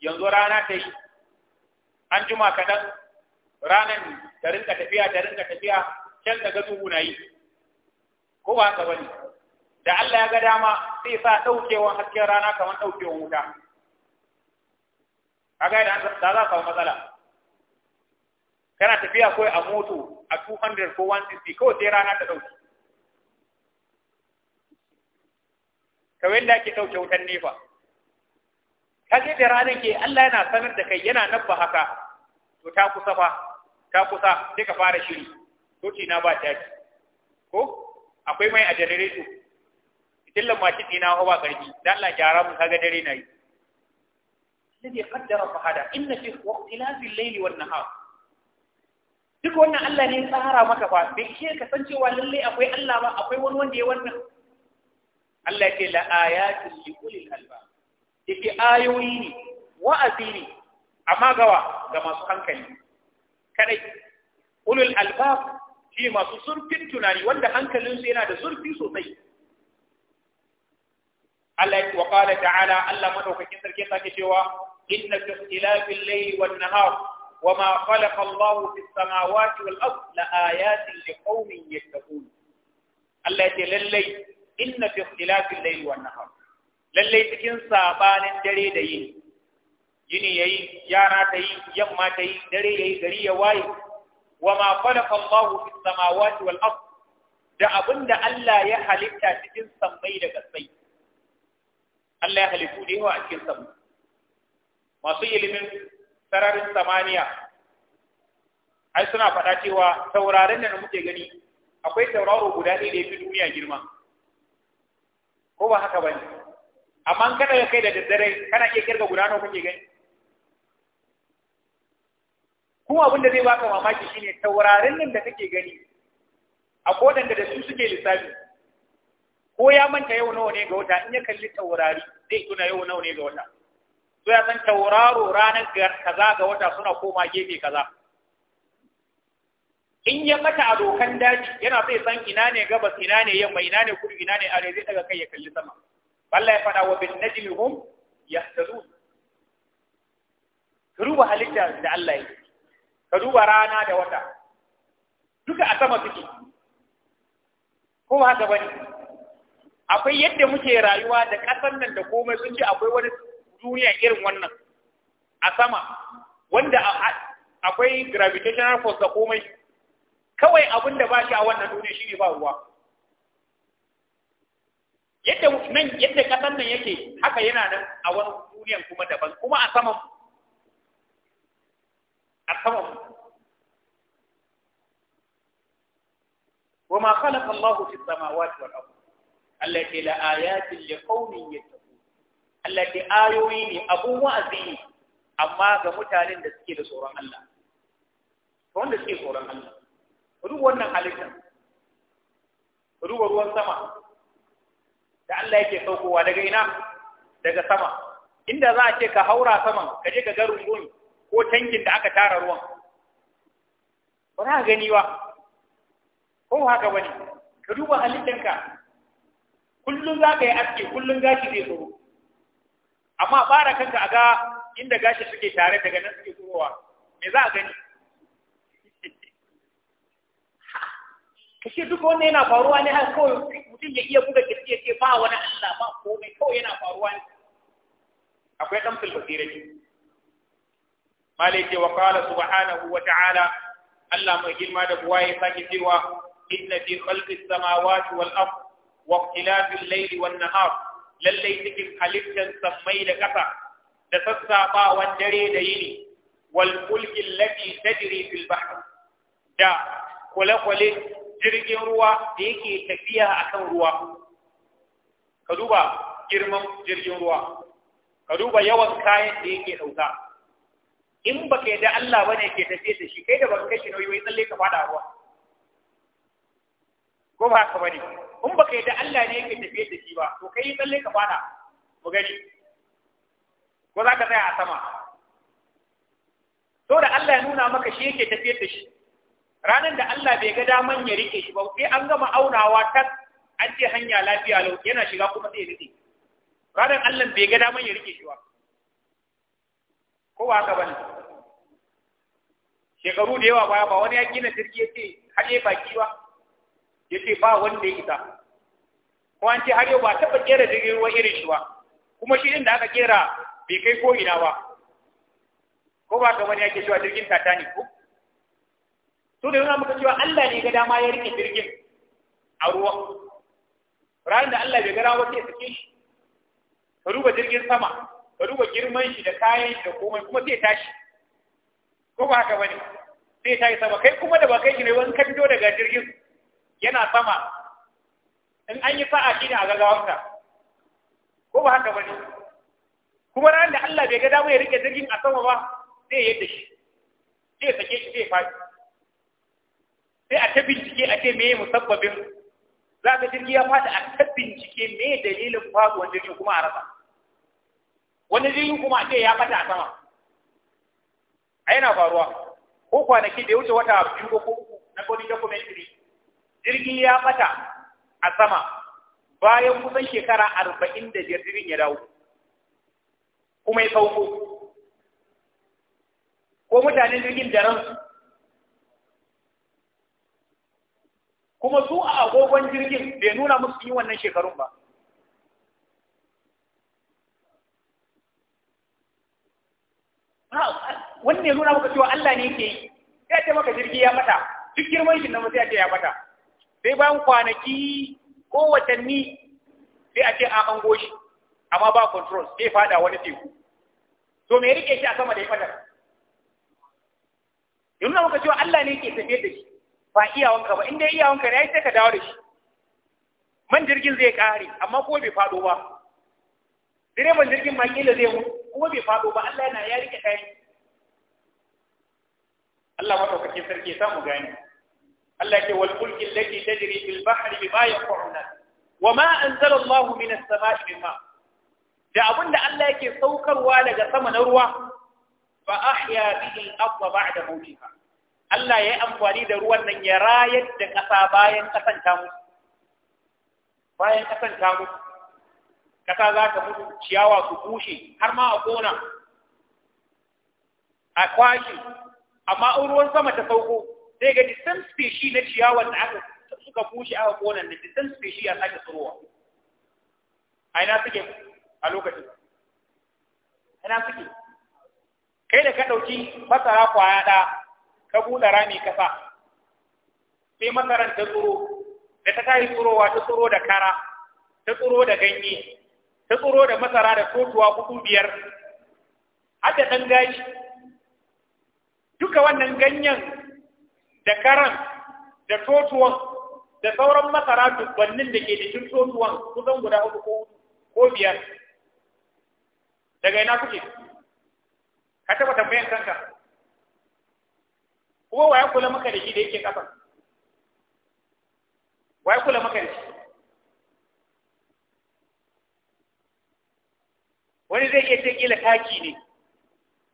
yanzu rana ta yi an juma kadan ranan ta rinka tafiya ta rinka tafiya can daga duhu na yi ko ba ka bane da Allah ya ga dama sai sa daukewan hasken rana kamar daukewan wuta kaga da za ka matsala kana tafiya kawai a moto a 200 ko 160 kawai sai rana ta ɗauki ka wanda ake ɗauke wutan nefa ka ce da ranar ke Allah yana sanar da kai yana nabba haka to ta kusa fa ta kusa sai ka fara shiri ce na ba ta taki ko akwai mai a janareto itillan ma kiɗi na hawa ƙarfi dan Allah gyara mun kaga dare na yi kaddara fahada, inna fi في اختلاف الليل والنهار duk wannan Allah ne ya tsara maka ba bai ke ka san cewa lalle akwai Allah ba akwai wani wanda ya wannan Allah ce la ayatin li ulil alba, yake ayoyi ne wa'azi ne amma gawa ga masu hankali kadai ulul albab shi masu zurfin tunani wanda hankalin hankalinsu yana da zurfi sosai Allah ya wa qala ta'ala Allah madaukakin sarki ya sake cewa inna fi ikhtilafil layli wan nahar وما خلق الله في السماوات والأرض لآيات لقوم يتقون التي للي إن في اختلاف الليل والنهار للي تكن سابان دري دي يني يي يانا تي يما تي دري يي دري واي وما خلق الله في السماوات والأرض da abin da Allah ya halitta cikin sammai da gasai Allah ya halittu da yawa a cikin sammai masu ilimin sararin samaniya ai suna faɗa cewa taurarin da muke gani akwai tauraro guda ɗaya da ya fi duniya girma ko ba haka ba ne amma kada ka kai da daddare kana iya kirga guda nawa kuke gani kuma abin da zai baka mamaki shine taurarin nan da kake gani a kodan da su suke lissafi ko ya manta yau nawa ne ga wata in ya kalli taurari zai tuna yau nawa ne ga wata to ya san tauraro ranar kaza ga wata suna koma gefe kaza in ya mata abokan daji yana sai san ina ne gabas ina ne yamma ina ne kudu ina ne arewa zai daga kai ya kalli sama Allah ya fada wa bin najmi hum yahtadun ka duba halitta da Allah ya ka duba rana da wata duka a sama suke ko haka bane akwai yadda muke rayuwa da ƙasar nan da komai sun ji akwai wani duniya irin wannan a sama wanda akwai gravitational force da komai kawai abin da ba shi a wannan duniya shi ne ba ruwa yadda nan yadda kasan nan yake haka yana nan a wani duniyan kuma daban kuma a saman a saman وما خلق الله في السماوات والأرض التي لآيات لقوم يتقون Allah ce ayoyi ne abun wa'azi ne amma ga mutanen da suke da tsoron Allah ga wanda suke tsoron Allah duk wannan halittar duba ruwan sama da Allah yake saukowa daga ina daga sama inda za a ce ka haura saman ka je ka ga rumbun ko tankin da aka tara ruwan ba za ka gani ba ko haka bane ka duba halittanka kullum za ka yi aske kullum gashi zai tsoro amma bara kanka a ga inda gashi suke tare daga nan suke turowa me za a gani <laughs> kashe duk wannan yana faruwa ne har kawai mutum ya iya buga kirki ya ce ba wani Allah ba komai kawai yana faruwa ne akwai dan filbasirai malai ce wa qala subhanahu wa ta'ala Allah mai girma da buwa ya sake cewa inna fi khalqis samawati wal ard wa ikhtilafil layli wan nahar lallai cikin halittar sammai da ƙasa da sassafawan dare da yini wal mulki allati tajri fil bahri da kwale-kwale jirgin ruwa da yake tafiya akan ruwa ka duba girman jirgin ruwa ka duba yawan kayan da yake ɗauka in ba ka yadda Allah ba ne ke tafiye da shi kai da barkashi kai nauyi wai tsalle ka fada ruwa ko ba haka ba ne in ba ka yi da Allah ne yake tafiye da shi ba to kai tsalle ka fada mu gani ko za ka tsaya a sama to da Allah ya nuna maka shi yake tafiye da shi ranar da Allah bai ga daman ya rike shi ba sai an gama aunawa ta an ce hanya lafiya lau yana shiga kuma sai ya rike ranar Allah bai ga daman ya rike shi ba ko ba haka bane shekaru da yawa baya ba wani ya gina jirgi ya ce haɗe baki ba ya ce ba wanda ya isa ko an ce har yau ba taɓa kera jirgin ruwa irin shi ba kuma shi da aka kera bai kai ko ina ba ko ba kamar yake cewa jirgin titanic ko to da yana muka cewa Allah ne ga dama ya rike jirgin a ruwa ranar da Allah bai gara wata sai saki shi ka duba jirgin sama ka duba girman shi da kayan shi da komai kuma sai tashi ko ba haka bane sai tashi sama kai kuma da ba kai shi ne wani ka fito daga jirgin yana sama in an yi sa'a shi ne a gagawarsa ko ba haka bane kuma ran da Allah bai ga damu ya rike jirgin a sama ba zai yadda shi zai sake shi zai faɗi sai a ta bincike a ce meye musabbabin za ka jirgi ya fada a ta bincike me dalilin faɗuwar jirgin kuma a rasa wani jirgin kuma a ce ya fata a sama a yana faruwa ko kwanaki da ya wuce wata biyu ko na wani documentary jirgi ya bata a sama bayan kusan shekara arba'in da biyar jirgin ya dawo kuma ya sauko ko mutanen jirgin da ransu kuma su a agogon jirgin bai nuna musu yi wannan shekarun ba wannan ya nuna maka cewa Allah ne yake yi ya ce maka jirgi ya bata duk girman shi na masu ya ce ya bata sai bayan kwanaki ko watanni sai a ce an goshi shi amma ba control sai fada wani teku to me rike shi a sama da ya fadar nan muka cewa Allah ne yake tafiye da shi ba iyawanka ba inda iyawanka ne ai sai ka dawo da shi man jirgin zai kare amma ko bai fado ba direban jirgin ma kila zai mu kuma bai fado ba Allah yana ya rike kai Allah madaukakin sarki ya samu gani Allah ke wal mulki allati tajri fil bahri da yaquluna wa ma anzala Allahu min as da Allah yake saukarwa daga sama na ruwa fa ahya bihi al da ba'da ba. Allah ya yi amfani da ruwan nan ya rayar da ƙasa bayan ƙasan ta mutu bayan ƙasan ta mutu ƙasa za ta mutu ciyawa su bushe har ma a ƙona a kwashe amma in ruwan sama ta sauko sai ga disan speshi na ciyawar da aka suka bushe aka kona da disan speshi a sake tsirowa a ina suke a lokacin ina suke kai da ka ɗauki masara kwaya ɗaya ka buɗe rami kasa sai masaran ta tsiro da ta tashi tsirowa ta tsiro da kara ta tsiro da ganye ta tsiro da masara da totuwa hudu biyar har da ɗan gashi duka wannan ganyen da karan da totuwan da sauran masara dubbannin da ke da cin totuwan kusan guda uku ko ko biyar daga ina kuke ka taba tambayan kanka kuma waye kula maka da shi da yake kafa waye kula maka da shi wani zai iya ce kila taki ne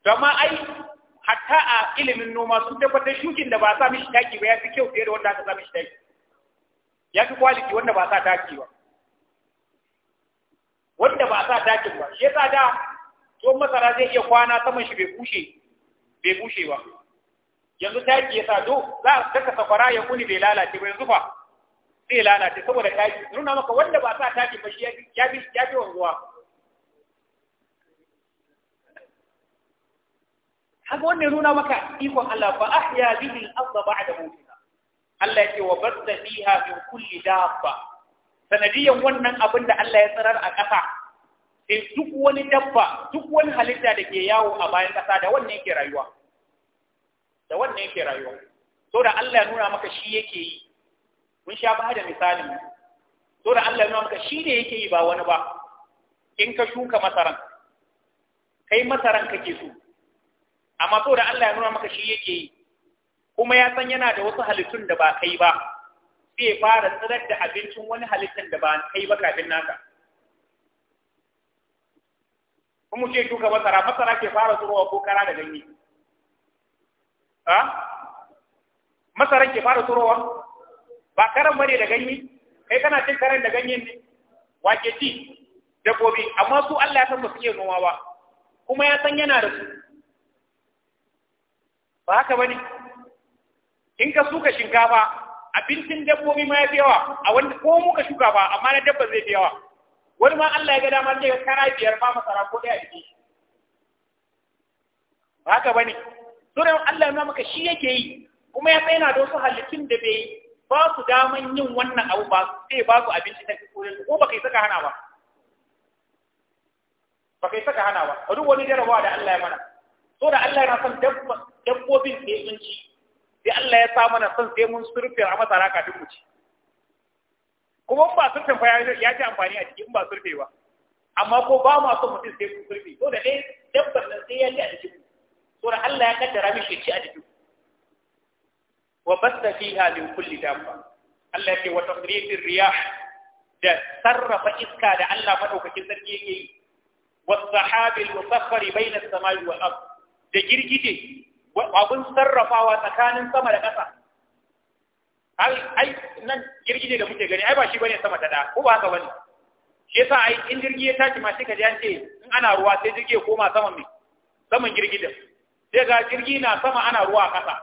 to amma ai hatta a ilimin noma sun tabbatar shukin da ba sa mishi taki ba ya fi kyau fiye da wanda aka sa mishi taki ya fi kwaliki wanda ba sa taki ba wanda ba sa taki ba shi yasa da to masara zai iya kwana saman shi bai bushe bai bushe ba yanzu taki ya sa do za a kasa sakwara ya kuni bai lalace ba yanzu fa sai lalace saboda taki nuna maka wanda ba sa taki ba shi ya fi ya fi wanzuwa kaga wannan nuna maka ikon Allah fa ahya bihi al-ardh ba'da mawtiha Allah yake wa batta biha min kulli dabba sanadiyan wannan abin da Allah ya tsarar a ƙasa sai duk wani dabba duk wani halitta da ke yawo a bayan ƙasa da wannan yake rayuwa da wannan yake rayuwa to da Allah ya nuna maka shi yake yi mun sha ba da misali to da Allah ya nuna maka shi ne yake yi ba wani ba in ka shuka masaran kai masaran kake so amma so da Allah ya nuna maka shi yake yi kuma ya san yana da wasu halittun da ba kai ba sai fara tsirar da abincin wani halittun da ba kai ba kafin naka kuma ce shuka masara masara ke fara tsirowa ko kara da ganye ha masara ke fara tsirowa ba karan bane da ganye kai kana cin karan da ganyen ne wake ci dabbobi amma su Allah ya san ba su iya noma ba kuma ya san yana da su ba haka bane in ka suka shinkafa abincin dabbobi ma ya fi yawa a wanda ko muka shuka ba amma na dabba zai fi yawa wani ma Allah ya ga damar ne ga kara biyar ma masara ko ɗaya jiki ba haka bane sunan Allah ya maka shi yake yi kuma ya tsaya da wasu halittun da bai ba su daman yin wannan abu ba sai ba su abinci na koyon ko baka yi saka hana ba baka yi saka hana ba duk wani jarabawa da Allah ya mana so da Allah yana son dabba dabbobin sai sun ci sai Allah ya sa mana son sai mun surfe a masara kafin mu ci kuma ba surfe fa ya ji amfani a cikin ba surfe ba amma ko ba ma son mutum sai mun surfe to da dai dabbar nan sai ya ji a cikin to da Allah ya kaddara mishi ci a cikin wa basta fiha min kulli dabba Allah ke wa tasrifir riyah da sarrafa iska da Allah madaukakin sarki yake yi bai na samari wa والأرض da girgije abin sarrafawa tsakanin sama da ƙasa ai nan ne da muke gani ai ba shi bane sama da da ko ba haka bane shi yasa ai in jirgi ya tashi ma sai ka ji an ce in ana ruwa sai jirgi ya koma saman mai. saman da, sai ga jirgi na sama ana ruwa a ƙasa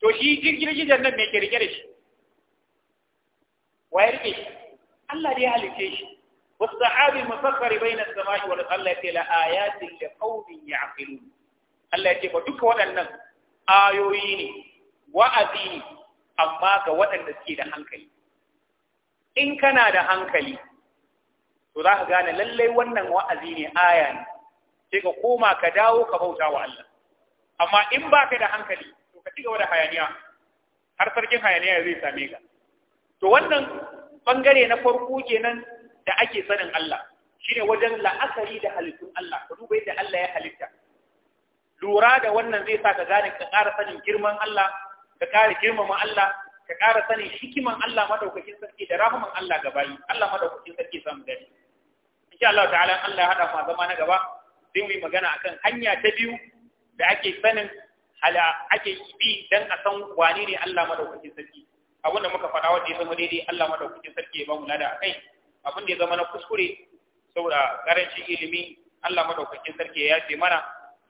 to shi da nan me ke da shi wa ya rike shi Allah da ya halice shi والسحاب المسخر بين السماء والأرض لآيات لقوم يعقلون Allah ya ce ba duka waɗannan ayoyi ne wa'azi ne amma ga waɗanda suke da hankali in kana da hankali to za ka gane lallai wannan wa'azi ne aya ne sai ka koma ka dawo ka bauta wa Allah amma in ba ka da hankali to ka cigaba da hayaniya har sarkin hayaniya zai same ka to wannan bangare na farko kenan da ake sanin Allah shine wajen la'akari da halittun Allah ka duba yadda Allah ya halitta lura da wannan zai sa ka gane ka ƙara sanin girman Allah ka ƙara girmama Allah ka ƙara sanin hikiman Allah madaukakin sarki da rahaman Allah ga bayi Allah madaukakin sarki samu gani insha Allah ta'ala Allah ya hada mu zama na gaba sai mu yi magana akan hanya ta biyu da ake sanin hala ake bi dan a san wane ne Allah madaukakin sarki abin da muka faɗa wanda ya zama daidai Allah madaukakin sarki ya ba mu lada akai abin da ya zama na kuskure saboda karancin ilimi Allah madaukakin sarki ya yace mana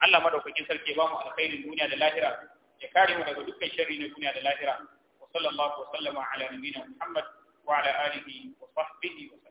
Allah madaukakin sarki ba mu alkhairin duniya da lahira ya kare mu daga dukkan sharri na duniya da lahira wa sallallahu wa sallama ala nabiyyina Muhammad wa ala alihi wa sahbihi wa